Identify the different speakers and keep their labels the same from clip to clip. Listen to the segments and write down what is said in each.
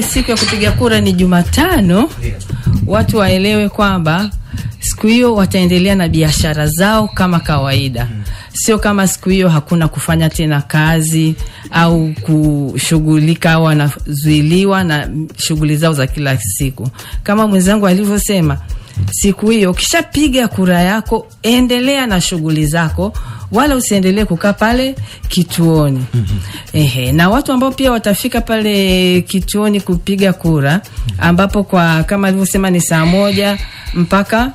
Speaker 1: Siku ya kupiga kura ni Jumatano. Watu waelewe kwamba siku hiyo wataendelea na biashara zao kama kawaida, sio kama siku hiyo hakuna kufanya tena kazi au kushughulika au wanazuiliwa na shughuli zao za kila siku. Kama mwenzangu alivyosema, siku hiyo ukishapiga kura yako, endelea na shughuli zako wala usiendelee kukaa pale kituoni. mm -hmm. Ehe, na watu ambao pia watafika pale kituoni kupiga kura mhm. ambapo kwa kama alivyosema ni saa moja mpaka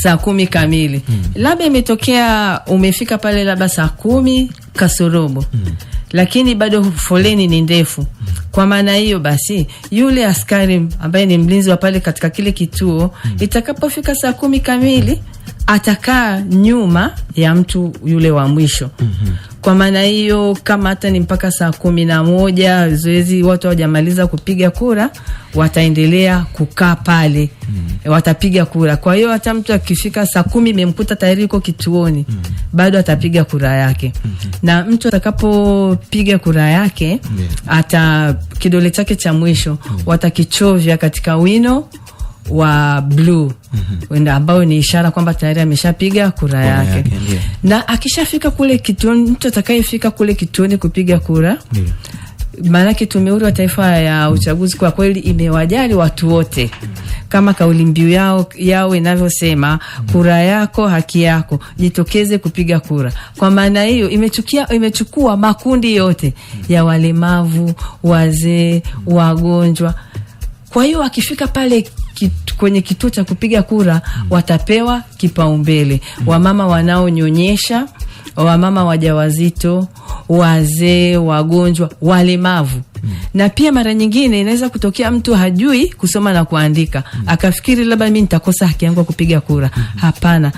Speaker 1: saa kumi kamili. mm. Labda imetokea umefika pale labda saa kumi kasorobo. mm. Lakini bado foleni ni ndefu. Mhm. Kwa maana hiyo basi, yule askari ambaye ni mlinzi wa pale katika kile kituo, mhm. itakapofika saa kumi kamili, mm atakaa nyuma ya mtu yule wa mwisho. mm -hmm. Kwa maana hiyo, kama hata ni mpaka saa kumi na moja zoezi watu hawajamaliza kupiga kura, wataendelea kukaa pale. mm -hmm. Watapiga kura. Kwa hiyo hata mtu akifika saa kumi memkuta tayari yuko kituoni, mm -hmm. bado atapiga kura yake. mm -hmm. Na mtu atakapopiga kura yake, yeah. ata kidole chake cha mwisho, mm -hmm. watakichovya katika wino wa bluu mm-hmm. ambao ni ishara kwamba tayari ameshapiga kura yake, yake Na akishafika kule kituoni, mtu atakayefika kule kituoni kupiga kura yeah. Maanake Tume Huru Taifa ya Uchaguzi kwa kweli imewajali watu wote, kama kauli mbiu yao yao inavyosema, mm. kura yako haki yako, jitokeze kupiga kura. Kwa maana hiyo imechukia, imechukua makundi yote mm. ya walemavu, wazee, wagonjwa. Kwa hiyo akifika pale kwenye kituo cha kupiga kura hmm. watapewa kipaumbele hmm. wamama wanaonyonyesha wamama wajawazito, wazee, wagonjwa, walemavu mm. Na pia mara nyingine inaweza kutokea mtu hajui kusoma na kuandika mm. Akafikiri labda mi nitakosa haki yangu ya kupiga kura mm -hmm. Hapana,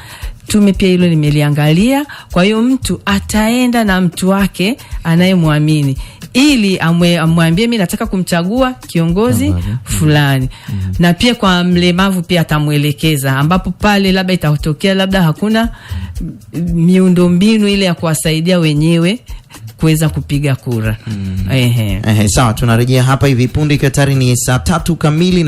Speaker 1: tume pia hilo limeliangalia. Kwa hiyo mtu ataenda na mtu wake anayemwamini ili amwambie mi nataka kumchagua kiongozi fulani. mm -hmm. Na pia kwa mlemavu pia atamwelekeza, ambapo pale labda itatokea labda hakuna miundombinu ile ya kuwasaidia wenyewe kuweza kupiga kura. mm -hmm. Ehe,
Speaker 2: sawa, tunarejea hapa hivi punde, ikiwa tayari ni saa tatu kamili.